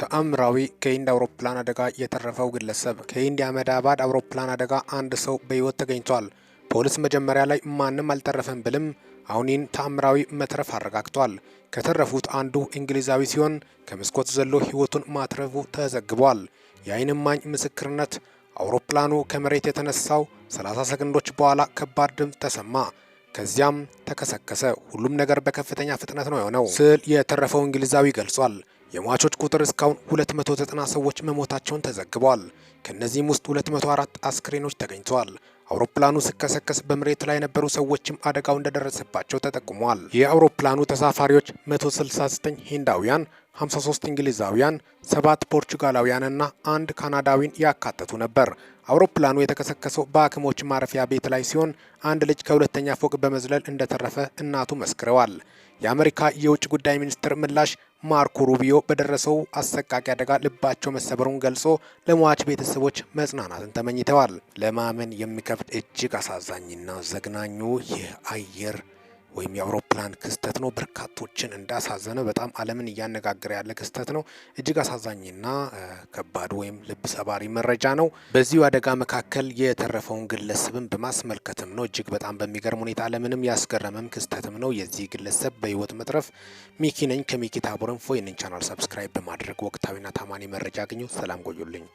ተአምራዊ ከህንድ አውሮፕላን አደጋ የተረፈው ግለሰብ። ከህንድ የአህመዳባድ አውሮፕላን አደጋ አንድ ሰው በህይወት ተገኝቷል። ፖሊስ መጀመሪያ ላይ ማንም አልተረፈም ብልም አሁን ይህን ተአምራዊ መትረፍ አረጋግጧል። ከተረፉት አንዱ እንግሊዛዊ ሲሆን ከመስኮት ዘሎ ህይወቱን ማትረፉ ተዘግቧል። የአይን እማኝ ምስክርነት አውሮፕላኑ ከመሬት የተነሳው 30 ሰከንዶች በኋላ ከባድ ድምፅ ተሰማ። ከዚያም ተከሰከሰ። ሁሉም ነገር በከፍተኛ ፍጥነት ነው የሆነው ስል የተረፈው እንግሊዛዊ ገልጿል። የሟቾች ቁጥር እስካሁን 290 ሰዎች መሞታቸውን ተዘግቧል። ከእነዚህም ውስጥ 204 አስክሬኖች ተገኝተዋል። አውሮፕላኑ ስከሰከስ በመሬት ላይ የነበሩ ሰዎችም አደጋው እንደደረሰባቸው ተጠቁሟል። የአውሮፕላኑ ተሳፋሪዎች 169 ሂንዳውያን፣ 53 እንግሊዛውያን፣ ሰባት ፖርቹጋላውያንና አንድ ካናዳዊን ያካተቱ ነበር። አውሮፕላኑ የተከሰከሰው በሐኪሞች ማረፊያ ቤት ላይ ሲሆን አንድ ልጅ ከሁለተኛ ፎቅ በመዝለል እንደተረፈ እናቱ መስክረዋል። የአሜሪካ የውጭ ጉዳይ ሚኒስትር ምላሽ ማርኮ ሩቢዮ በደረሰው አሰቃቂ አደጋ ልባቸው መሰበሩን ገልጾ ለሟች ቤተሰቦች መጽናናትን ተመኝተዋል። ለማመን የሚከብድ እጅግ አሳዛኝና ዘግናኙ ይህ አየር ወይም የአውሮፕላን ክስተት ነው። በርካቶችን እንዳሳዘነ በጣም ዓለምን እያነጋገረ ያለ ክስተት ነው። እጅግ አሳዛኝና ከባድ ወይም ልብ ሰባሪ መረጃ ነው። በዚሁ አደጋ መካከል የተረፈውን ግለሰብን በማስመልከትም ነው እጅግ በጣም በሚገርም ሁኔታ ዓለምንም ያስገረመም ክስተትም ነው። የዚህ ግለሰብ በህይወት መትረፍ ሚኪ ነኝ። ከሚኪ ታቦረን ፎይንን ቻናል ሰብስክራይብ በማድረግ ወቅታዊና ታማኒ መረጃ አግኙ። ሰላም ቆዩልኝ።